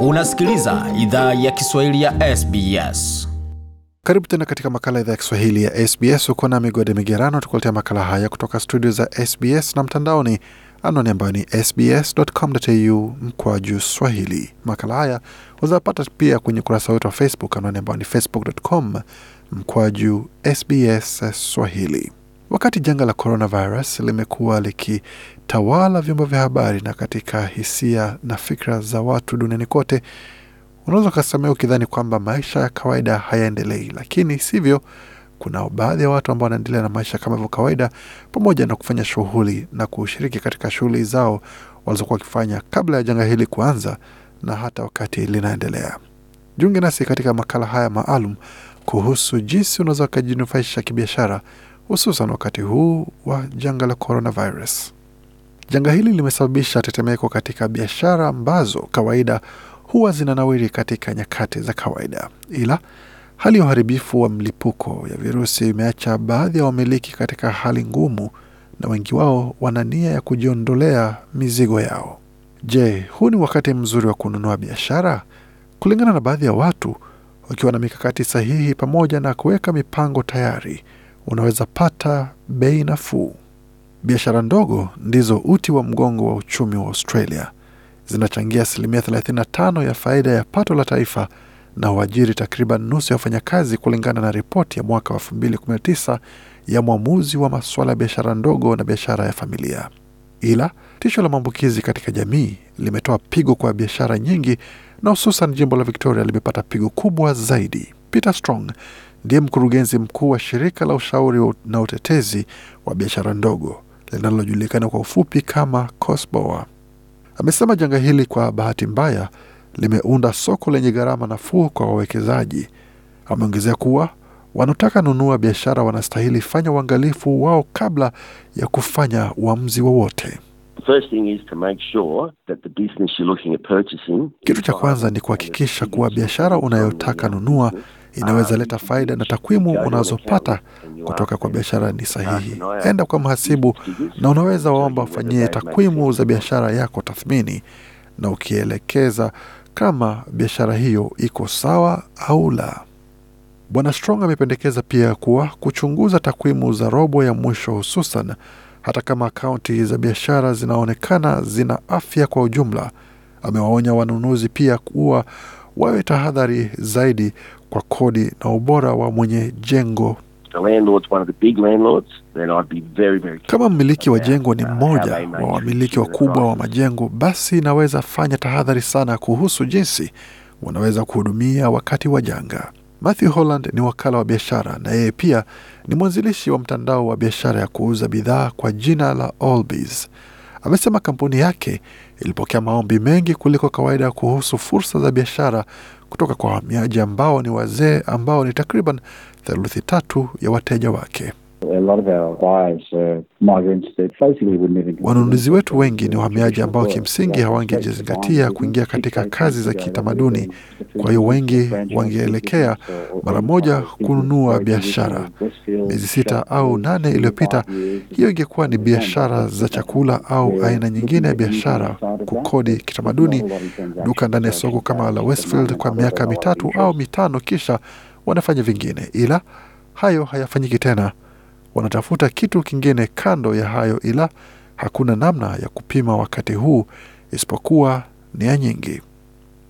Unasikiliza idhaa ya Kiswahili ya SBS. Karibu tena katika makala idhaa ya Kiswahili ya SBS. Uko na Migode Migerano tukuletea makala haya kutoka studio za SBS na mtandaoni, anwani ambayo ni sbs.com.au mkwaju swahili. Makala haya wazapata pia kwenye ukurasa wetu wa Facebook, anwani ambayo ni facebook.com mkwaju sbs swahili. Wakati janga la coronavirus limekuwa likitawala vyombo vya habari na katika hisia na fikra za watu duniani kote, unaweza ukasemea ukidhani kwamba maisha ya kawaida hayaendelei, lakini sivyo. Kuna baadhi ya watu ambao wanaendelea na maisha kama hivyo kawaida, pamoja na kufanya shughuli na kushiriki katika shughuli zao walizokuwa wakifanya kabla ya janga hili kuanza na hata wakati linaendelea. Jiunge nasi katika makala haya maalum kuhusu jinsi unaweza ukajinufaisha kibiashara hususan wakati huu wa janga la coronavirus. Janga hili limesababisha tetemeko katika biashara ambazo kawaida huwa zinanawiri katika nyakati za kawaida, ila hali ya uharibifu wa mlipuko ya virusi imeacha baadhi ya wamiliki katika hali ngumu, na wengi wao wana nia ya kujiondolea mizigo yao. Je, huu ni wakati mzuri wa kununua biashara? Kulingana na baadhi ya watu, wakiwa na mikakati sahihi pamoja na kuweka mipango tayari unaweza pata bei nafuu. Biashara ndogo ndizo uti wa mgongo wa uchumi wa Australia, zinachangia asilimia 35 ya faida ya pato la taifa na huajiri takriban nusu ya wafanyakazi, kulingana na ripoti ya mwaka wa 2019 ya mwamuzi wa masuala ya biashara ndogo na biashara ya familia. Ila tisho la maambukizi katika jamii limetoa pigo kwa biashara nyingi, na hususan jimbo la Victoria limepata pigo kubwa zaidi. Peter Strong ndiye mkurugenzi mkuu wa shirika la ushauri na utetezi wa biashara ndogo linalojulikana kwa ufupi kama COSBOA. Amesema janga hili kwa bahati mbaya limeunda soko lenye gharama nafuu kwa wawekezaji. Ameongezea kuwa wanaotaka nunua biashara wanastahili fanya uangalifu wao kabla ya kufanya uamuzi wowote. Sure kitu cha kwanza ni kuhakikisha kuwa biashara unayotaka nunua inaweza leta faida na takwimu unazopata kutoka kwa biashara ni sahihi. Enda kwa mhasibu na unaweza waomba wafanyie takwimu za biashara yako tathmini, na ukielekeza kama biashara hiyo iko sawa au la. Bwana Strong amependekeza pia kuwa kuchunguza takwimu za robo ya mwisho hususan, hata kama akaunti za biashara zinaonekana zina afya kwa ujumla. Amewaonya wanunuzi pia kuwa wawe tahadhari zaidi kwa kodi na ubora wa mwenye jengo. kama mmiliki wa jengo ni mmoja wa wamiliki wakubwa wa majengo, basi naweza fanya tahadhari sana kuhusu jinsi wanaweza kuhudumia wakati wa janga. Matthew Holland ni wakala wa biashara na yeye pia ni mwanzilishi wa mtandao wa biashara ya kuuza bidhaa kwa jina la Allbees. Amesema kampuni yake ilipokea maombi mengi kuliko kawaida kuhusu fursa za biashara kutoka kwa wahamiaji ambao ni wazee ambao ni takriban theluthi tatu ya wateja wake. Wanunuzi wetu wengi ni wahamiaji ambao kimsingi hawangejizingatia kuingia katika kazi za kitamaduni. Kwa hiyo wengi wangeelekea mara moja kununua biashara. Miezi sita au nane iliyopita, hiyo ingekuwa ni biashara za chakula au aina nyingine ya biashara, kukodi kitamaduni, duka ndani ya soko kama la Westfield kwa miaka mitatu au mitano, kisha wanafanya vingine, ila hayo hayafanyiki tena wanatafuta kitu kingine kando ya hayo, ila hakuna namna ya kupima wakati huu isipokuwa nia nyingi.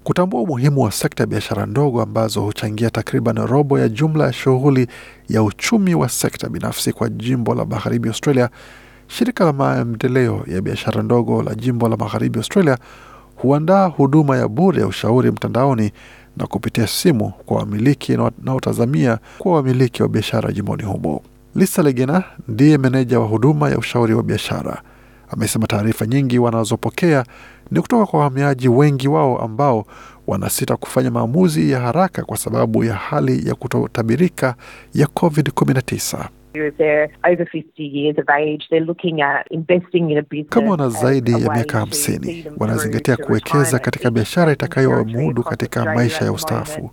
Kutambua umuhimu wa sekta ya biashara ndogo ambazo huchangia takriban robo ya jumla ya shughuli ya uchumi wa sekta binafsi kwa jimbo la magharibi Australia, shirika la maendeleo ya biashara ndogo la jimbo la magharibi Australia huandaa huduma ya bure ya ushauri mtandaoni na kupitia simu kwa wamiliki na wanaotazamia kuwa wamiliki wa biashara jimboni humo. Lisa Legena ndiye meneja wa huduma ya ushauri wa biashara. Amesema taarifa nyingi wanazopokea ni kutoka kwa wahamiaji, wengi wao ambao wanasita kufanya maamuzi ya haraka kwa sababu ya hali ya kutotabirika ya COVID-19. Kama wana zaidi ya miaka hamsini, wanazingatia kuwekeza katika biashara itakayowamudu katika maisha ya ustaafu.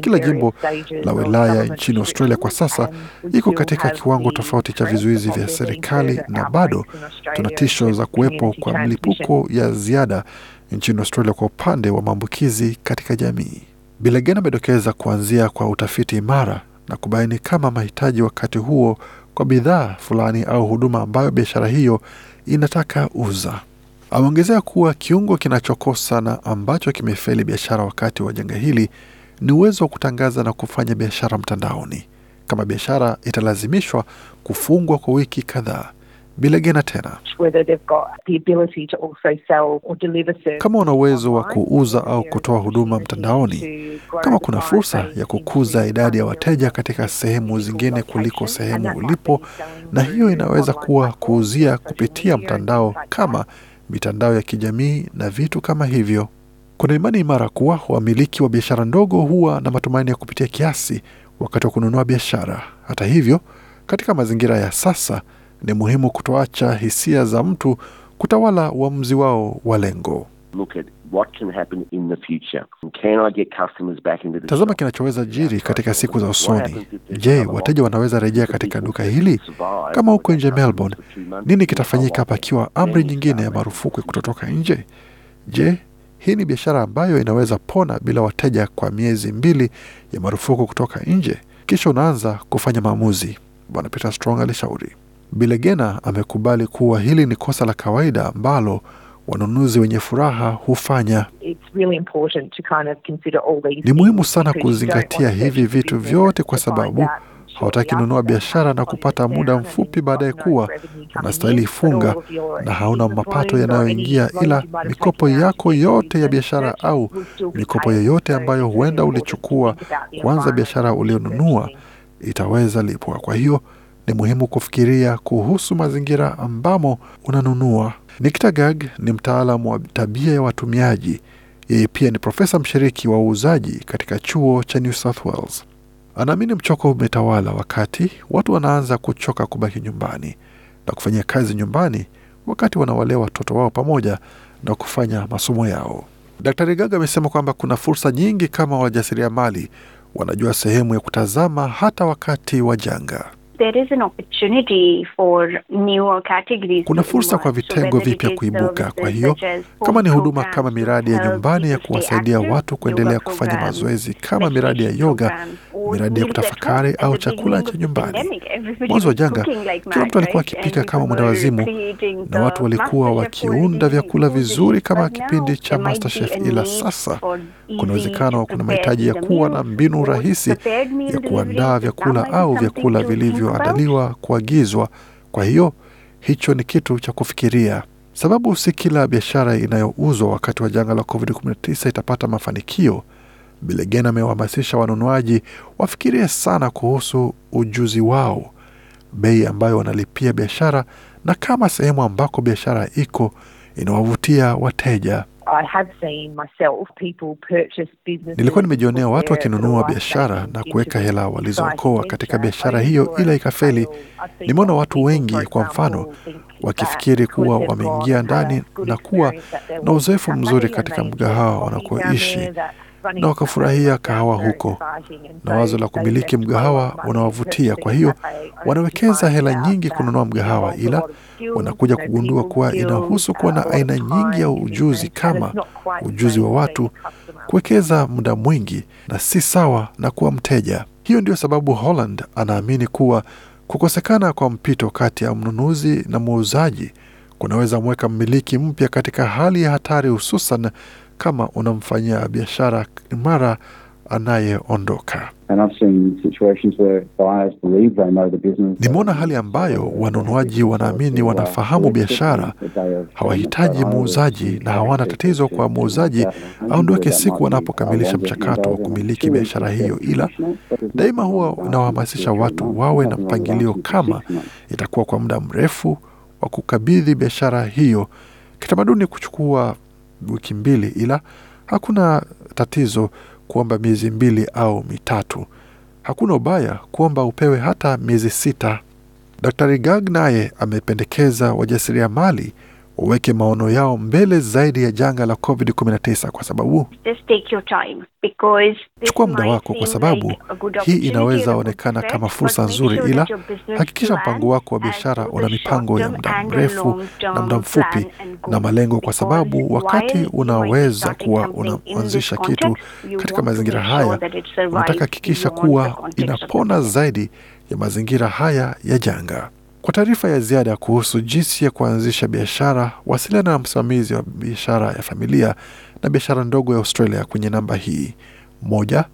Kila jimbo la wilaya nchini Australia kwa sasa iko katika kiwango tofauti cha vizuizi vya serikali, na bado tuna tisho za kuwepo kwa mlipuko ya ziada nchini Australia kwa upande wa maambukizi katika jamii. bilegen amedokeza kuanzia kwa utafiti imara na kubaini kama mahitaji wakati huo kwa bidhaa fulani au huduma ambayo biashara hiyo inataka uza. Ameongezea kuwa kiungo kinachokosa na ambacho kimefeli biashara wakati wa janga hili ni uwezo wa kutangaza na kufanya biashara mtandaoni. Kama biashara italazimishwa kufungwa kwa wiki kadhaa, Bilegena tena kama wana uwezo wa kuuza au kutoa huduma mtandaoni, kama kuna fursa ya kukuza idadi ya wateja katika sehemu zingine kuliko sehemu ulipo, na hiyo inaweza kuwa kuuzia kupitia mtandao kama mitandao ya kijamii na vitu kama hivyo. Kuna imani imara kuwa wamiliki wa biashara ndogo huwa na matumaini ya kupitia kiasi wakati wa kununua biashara. Hata hivyo, katika mazingira ya sasa ni muhimu kutoacha hisia za mtu kutawala uamuzi wao wa lengo. Tazama kinachoweza jiri katika siku za usoni. Je, wateja wanaweza rejea katika duka hili? Kama huko nje Melbourne, nini kitafanyika pakiwa amri nyingine ya marufuku ya kutotoka nje? Je, hii ni biashara ambayo inaweza pona bila wateja kwa miezi mbili ya marufuku kutoka nje? Kisha unaanza kufanya maamuzi, Bwana Peter Strong alishauri. Bilegena amekubali kuwa hili ni kosa la kawaida ambalo wanunuzi wenye furaha hufanya. Really kind of ni muhimu sana kuzingatia hivi vitu vyote kwa sababu hawataki nunua biashara na kupata muda mfupi baadaye kuwa unastahili ifunga na hauna mapato yanayoingia, ila mikopo yako yote ya biashara au mikopo yoyote ambayo huenda ulichukua kuanza biashara ulionunua itaweza lipwa. Kwa hiyo ni muhimu kufikiria kuhusu mazingira ambamo unanunua. Nikta Gag ni mtaalamu wa tabia ya watumiaji. Yeye pia ni profesa mshiriki wa uuzaji katika chuo cha New South Wales. Anaamini mchoko umetawala wakati watu wanaanza kuchoka kubaki nyumbani na kufanyia kazi nyumbani wakati wanawalea watoto wao pamoja na kufanya masomo yao. Daktari gag amesema kwamba kuna fursa nyingi kama wajasiriamali wanajua sehemu ya kutazama hata wakati wa janga there is an opportunity for newer categories. Kuna fursa kwa vitengo vipya kuibuka. Kwa hiyo kama ni huduma kama miradi ya nyumbani ya kuwasaidia watu kuendelea kufanya mazoezi, kama miradi ya yoga, miradi ya kutafakari au chakula cha nyumbani. Mwanzo wa janga, kila mtu alikuwa akipika kama mwendawazimu, na watu walikuwa wakiunda vyakula vizuri kama kipindi cha MasterChef, ila sasa kuna uwezekano, kuna mahitaji ya kuwa na mbinu rahisi ya kuandaa vyakula au vyakula vilivyo vinavyoandaliwa kuagizwa. Kwa hiyo hicho ni kitu cha kufikiria, sababu si kila biashara inayouzwa wakati wa janga la COVID-19 itapata mafanikio. Bilegen amewahamasisha wanunuaji wafikirie sana kuhusu ujuzi wao, bei ambayo wanalipia biashara na kama sehemu ambako biashara iko inawavutia wateja. Nilikuwa nimejionea watu wakinunua biashara na kuweka hela walizookoa katika biashara hiyo, ila ikafeli. Nimeona watu wengi, kwa mfano, wakifikiri kuwa wameingia ndani na kuwa na uzoefu mzuri katika mgahawa wanakoishi na wakafurahia kahawa huko, na wazo la kumiliki mgahawa unawavutia. Kwa hiyo wanawekeza hela nyingi kununua mgahawa, ila wanakuja kugundua kuwa inahusu kuwa na uh, aina nyingi ya ujuzi kama ujuzi wa watu, kuwekeza muda mwingi, na si sawa na kuwa mteja. Hiyo ndio sababu Holland anaamini kuwa kukosekana kwa mpito kati ya mnunuzi na muuzaji kunaweza mweka mmiliki mpya katika hali ya hatari, hususan kama unamfanyia biashara imara anayeondoka. Nimeona hali ambayo wanunuaji wanaamini wanafahamu biashara, hawahitaji muuzaji na hawana tatizo kwa muuzaji aondoke siku wanapokamilisha mchakato wa kumiliki biashara hiyo, ila daima huwa inawahamasisha watu wawe na mpangilio, kama itakuwa kwa muda mrefu wa kukabidhi biashara hiyo, kitamaduni kuchukua wiki mbili, ila hakuna tatizo kuomba miezi mbili au mitatu. Hakuna ubaya kuomba upewe hata miezi sita. Daktari Gag naye amependekeza wajasiriamali waweke maono yao mbele zaidi ya janga la COVID-19 kwa sababu chukua muda wako, kwa sababu like hii inaweza onekana kama fursa nzuri, ila hakikisha mpango wako wa biashara una mipango ya muda mrefu na muda mfupi na malengo, kwa sababu wakati unaweza kuwa unaanzisha kitu katika mazingira haya, unataka hakikisha kuwa inapona zaidi ya mazingira haya ya janga. Kwa taarifa ya ziada kuhusu jinsi ya kuanzisha biashara, wasiliana na msimamizi wa biashara ya familia na biashara ndogo ya Australia kwenye namba hii moja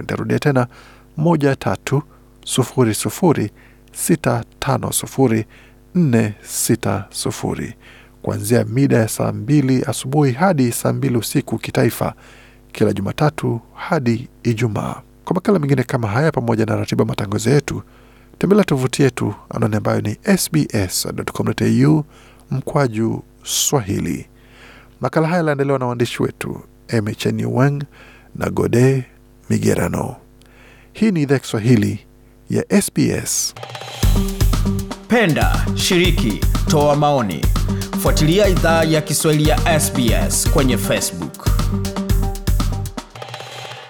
Nitarudia tena moja kuanzia mida ya saa mbili asubuhi hadi saa mbili usiku kitaifa kila Jumatatu hadi Ijumaa. Kwa makala mengine kama haya, pamoja na ratiba matangazo yetu, tembelea tovuti yetu anaone ambayo ni sbs.com.au mkwaju Swahili. Makala haya yaliandaliwa na waandishi wetu Mhn Wang na Gode Migerano. Hii ni idhaa Kiswahili ya SBS. Penda, shiriki, toa maoni, fuatilia idhaa ya Kiswahili ya SBS kwenye Facebook.